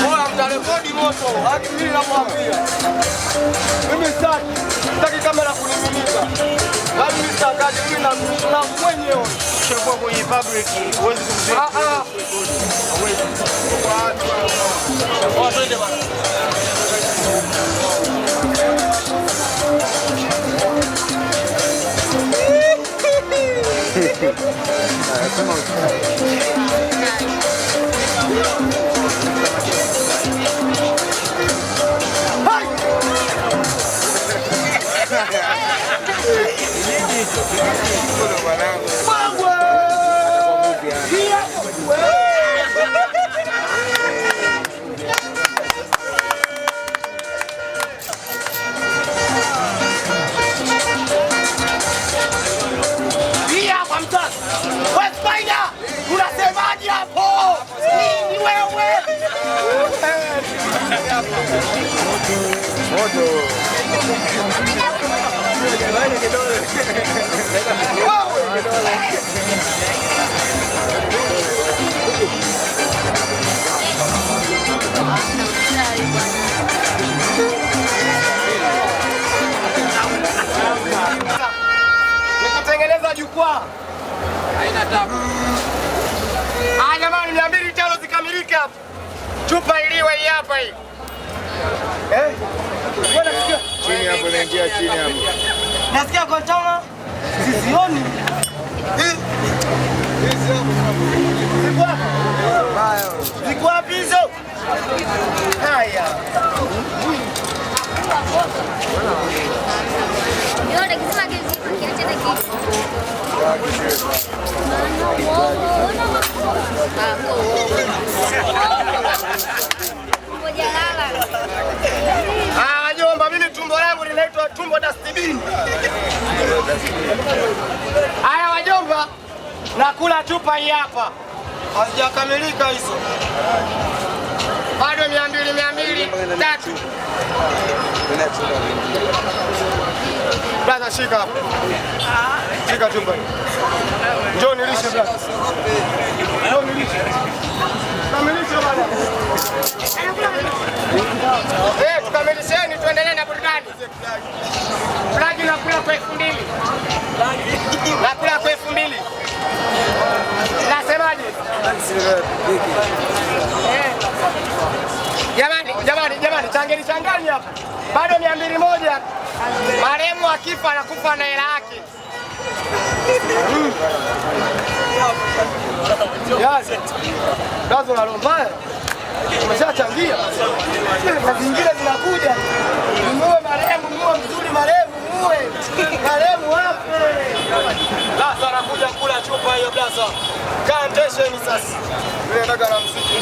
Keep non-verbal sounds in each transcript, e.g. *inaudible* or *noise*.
Bora mtarekodi moto hadi mimi namwambia. Mimi sitaki, sitaki kamera kunimilika. Na mimi mimi na kuna mwenyewe. Chukua kwenye public uweze kumzika. Ah ah. Uweze. Kwa watu. Kwa watu. しい。はい Nikitengeneza jukwaa haina ah, jamani mia mbili tano zikamilika, chupa iliwe hii hapa hii. Eh? chini hapo, inaingia chini hapo. Nasikia kontona sisioni ziko Haya, Moja mtumbo dastibini. Haya wajomba, nakula chupa hii hapa, hazijakamilika hizo bado, mia mbili mia mbili tatu. Brother, shika hapo, shika chumba, njoo nilishe brother, njoo nilishe, kamilishe bwana tukamilisheni, tuendelee na burudani. Plagi la kula kwa elfu mbili la kula kwa elfu mbili nasemaje? Eh. Jamani, jamani, jamani, changeni changani hapa, bado mia mbili moja. Marehemu akifa anakufa na hela yake. Gazo hmm. la Rombaya umeshachangia, na yaani zingine zinakuja. Muue marehemu, muue mzuri marehemu, muue marehemu wape. Blaza anakuja kula chupa hiyo. Blaza kantesheni sasa, nataka na mziki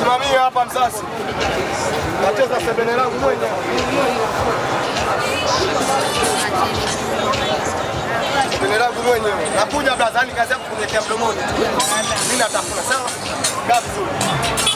simamia hapa msasi, nacheza sebene langu mwenyewe. Neno langu wenyewe. Nakuja blazani kazi yako kunyetea mdomoni. Mimi natafuna sawa? Gapi zuri.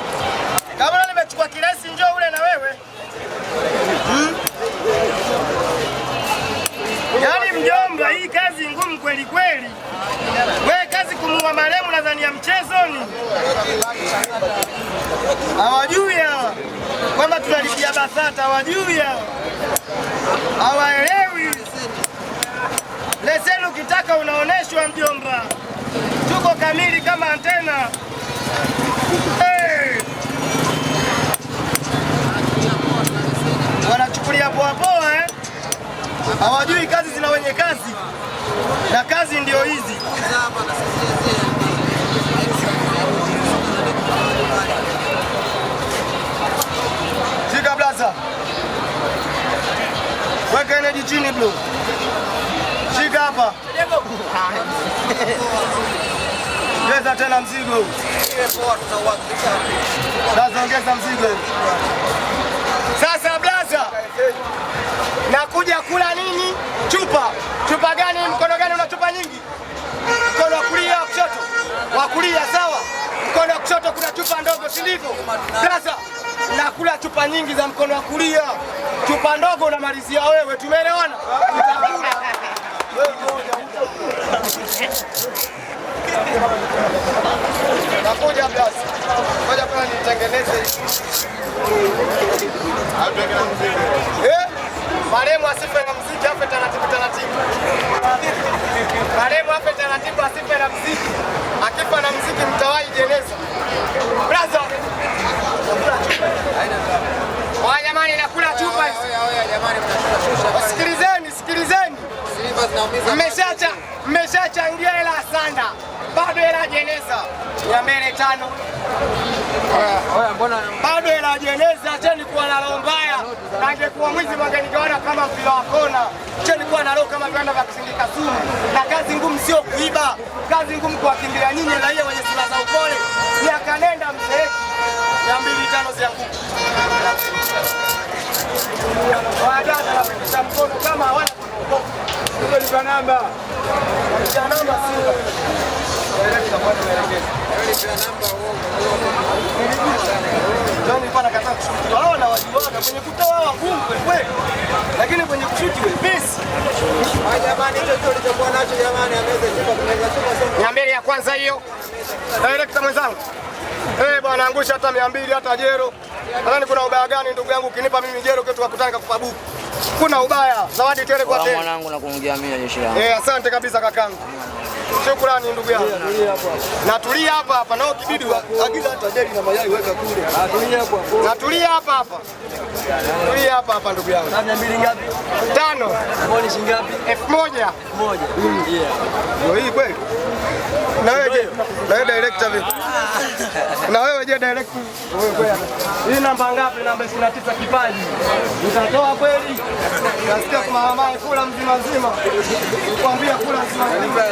juu yao hawaelewi. Leseni ukitaka unaoneshwa, mjomba, tuko kamili kama antena. Weka energy chini blue. Shika hapa. Ongeza tena mzigo huu. ongeza mzigo huu. Sasa blaza. Nakuja kula nini? Chupa. Chupa gani? Mkono gani una chupa nyingi? Mkono wa kulia, kushoto. Wa kulia sawa. Mkono wa kushoto kuna chupa ndogo, si ndivyo? Blaza na kula chupa nyingi za mkono wa kulia, chupa ndogo unamalizia wewe. Tumeelewana? Nakuja basi. Ngoja kwanza nitengeneze. maremu Marehemu asife na mziki, afe taratibu taratibu. Marehemu afe taratibu, asife na mziki. Akifa na mziki mtawahi jeneza. Brother, Oya jamani, nakula chupa. Sikilizeni, sikilizeni, mmeshachangia hela sanda, bado hela jeneza ya mbele tano, bado hela jeneza. Acheni kuwa na roho mbaya na angekuwa mwizi wangenigawana kama mpira wa kona. Cho nilikuwa na roho kama viwanda vya kusindika sumu, na kazi ngumu sio kuiba, kazi ngumu kuwakimbilia nyinyi raia wenye silaha za upole. Miaka nenda mzee mia mbili tano zianguka wadada nakuisha mkono kama hawana kuokoka namba namba John alikuwa kwenye kuta lakini kwenye kushuti wepesi. Ah, mia mbili ya kwanza hiyo. Direkta eh, mwenzangu, eh bwana, angusha hata mia mbili hata jero. Nadhani kuna ubaya gani ndugu yangu ukinipa mimi jero kitu kakutanga kupabuku kuna ubaya. Zawadi tele kwa tele. Mwanangu na kuongea mimi na jeshi langu. Eh, asante kabisa kakangu. Shukrani ndugu yangu. Natulia hapa hapa na ukibidi agiza hata jeli na mayai weka kule. Natulia hapa hapa. Natulia hapa hapa Natulia hapa hapa ndugu yangu. Tani mbili ngapi? Tano. Shilingi ngapi? 1000. 1000. Mm. Ndio hii kweli. Na wewe na wewe director vipi? Na wewe je director? Wewe kwenda. Hii namba ngapi? Namba 29 kipaji. Utatoa kweli? Nasikia kama mama kula mzima mzima. Nikwambia kula mzima mzima.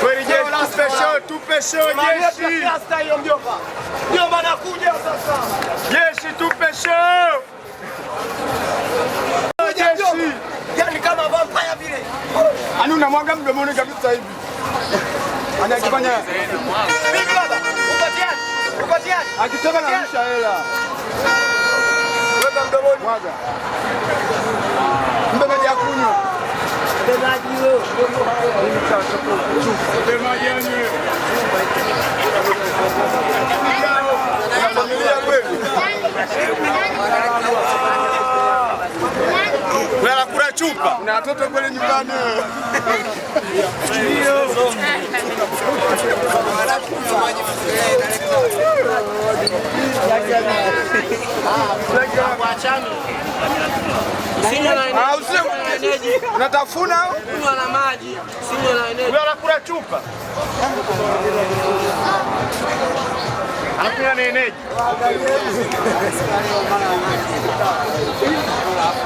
Kweli je special tupe show jeshi. Mjomba nakuja sasa. Jeshi tupe show. Yaani unamwaga mdomoni kabisa hivi. Anakifanya. Vipi baba? Uko tayari? Uko tayari? Akitoka na msha hela. Weka mdomoni. Mwaga. Mbe ya kunywa. Mbe maji wewe. Mbe Familia kweli. Kulala kula chupa. Una watoto kweli nyumbani wewe? Unatafuna anakula chupa hakuna na eneji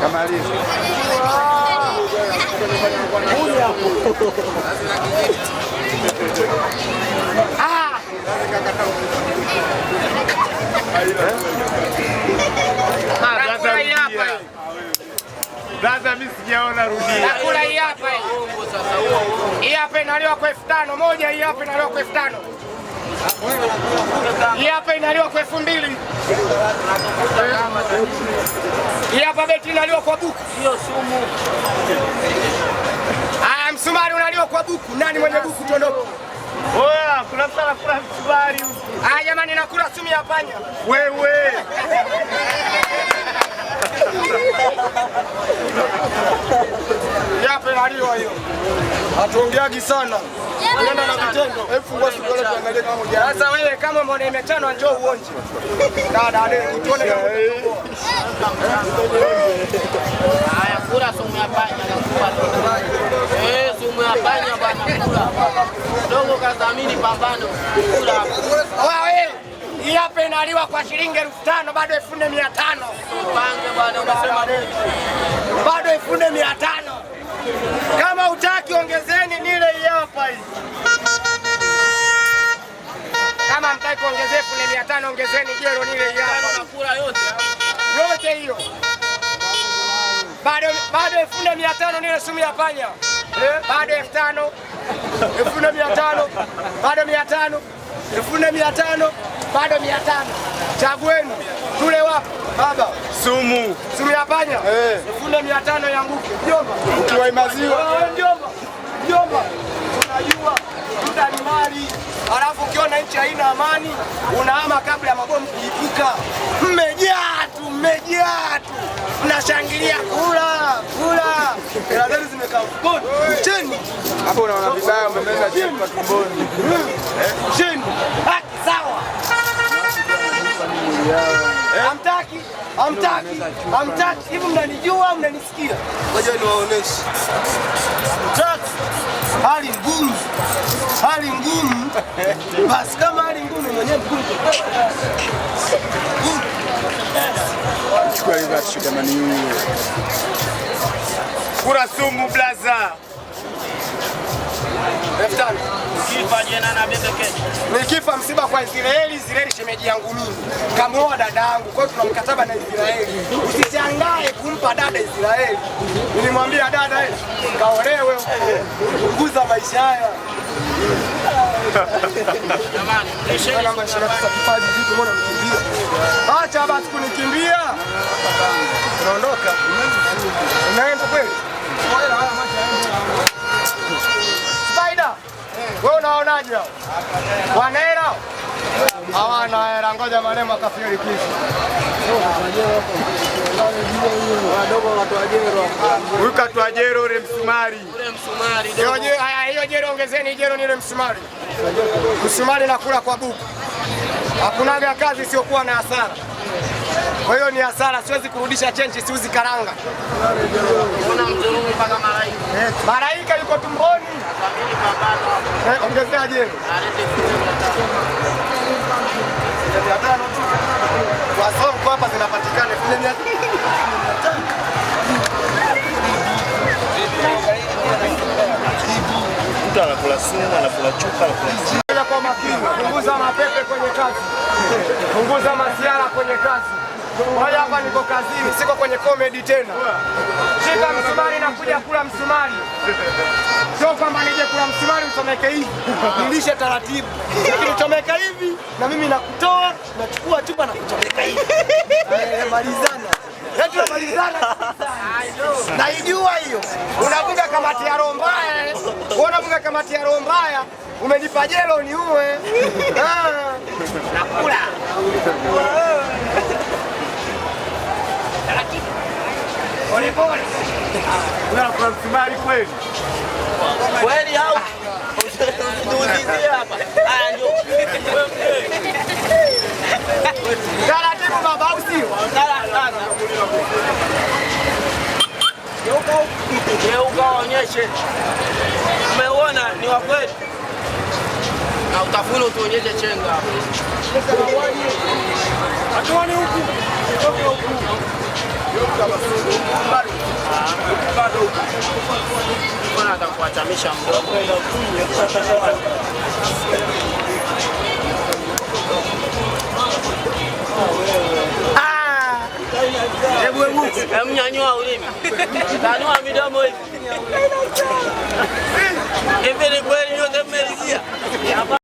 kama alivyo ah, Brother, mimi sijaona rudia. Nakula hii hapa. Hii hapa inaliwa kwa elfu tano moja, hii hapa inaliwa kwa elfu tano. Hii hapa inaliwa kwa elfu mbili. Hii hapa beti inaliwa kwa buku, sio sumu. Aya, msumari unaliwa kwa buku. Nani mwenye buku tondoka? Oya, kuna mtu anakula msumari huku. jamani, nakula sumu ya panya. Wewe. Yapo inaliwa hiyo. Hatuongeagi sana. Sasa wewe kama mbona imetano njoo uonje. Dada, utuone kama Haya kula sumu ya panya na kuwa. Eh, sumu ya panya bwana kula. Dogo kadhamini pambano. Kula. Wewe ila penaliwa kwa shilingi elfu tano bado elfu nne mia tano. Bado elfu nne mia tano. Kama utaki ongezeni nile hapa hizi. Kama mtaki ongezeni kule mia tano ongezeni jero nile hapa. Kula yote. Yote hiyo. Bado bado elfu na mia tano nile sumu ya panya. Eh? Bado elfu tano. Elfu na mia tano. Bado mia tano. Elfu na mia tano. Bado mia tano. Chagueni. Tule wapi? Baba sumu. Sumu ya panya? Eh. Funde 500 ya nguku. Mjomba. Ukiwa maziwa. Eh, mjomba. Mjomba. Tunajua muda ni mali. Alafu ukiona nchi haina amani, unahama kabla ya mabomu kulipuka. Mmejaa tu, mmejaa tu. Mnashangilia kula, kula. Hela zenu zimekaa mfukoni. Cheni. Hapo unaona vibaya umemeza chakula tumboni. Cheni. Haki sawa. Hamtaki, hamtaki, hamtaki. Hivi mnanijua au mnanisikia? Ngoja niwaoneshe. Hamtaki. Hali ngumu, hali ngumu. *laughs* Basi kama hali ngumu mwenyewe Kura sumu blaza nikifa msiba kwa Israeli. Israeli shemeji yangu mimi, kamuoa dada yangu, kwa hiyo tuna mkataba na Israeli. Usichangae kumpa dada Israeli. Nilimwambia dada, kaolewe punguza maisha haya. Acha basi kunikimbia, naondoka. unaenda kweli? Wapiganaji hao wana hela hawana hela, ngoja marehemu akafikiri kitu. Huyu katwa jero ule msumari, hiyo jero ongezeni jero, ni ile msumari. Msumari nakula kwa buku, hakunaga kazi isiyokuwa na hasara. Kwa hiyo ni hasara, siwezi kurudisha chenji, siuzi karanga. Malaika yuko tumboni, eh, ongezea jeni wasongo hapa zinapatikana anakula sumu, kwa makini. Punguza mapepe kwenye kazi, punguza masiara kwenye kazi. Moja hapa niko kazini, siko kwenye comedy tena. Shika msumari na kuja kula msumari. Sio kwamba nije kula msumari uchomeke hivi, nilishe taratibu, lakini uchomeka hivi na mimi nakutoa, nachukua chupa na kutomeka hivi. Eh, malizana eh, naijua hiyo. unabuga kamati ya roho mbaya, eh? unavuga kamati ya roho mbaya, umenipa jelo niue nakula kuna msumari kweli kweli au taratibu baba, au sio? Geuka waonyeshe, umeuona ni wa kweli, na utafuna utuonyeshe chenga huku atakuachamisha mdomo mnyanyua ulimi kanua midomo hivi hivi, ni kweli ndio nimerizia.